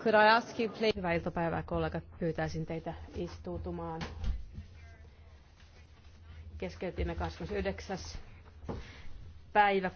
Could I ask you please... Hyvää iltapäivää kollegat, pyytäisin teitä istuutumaan. Keskeytimme 29. päivä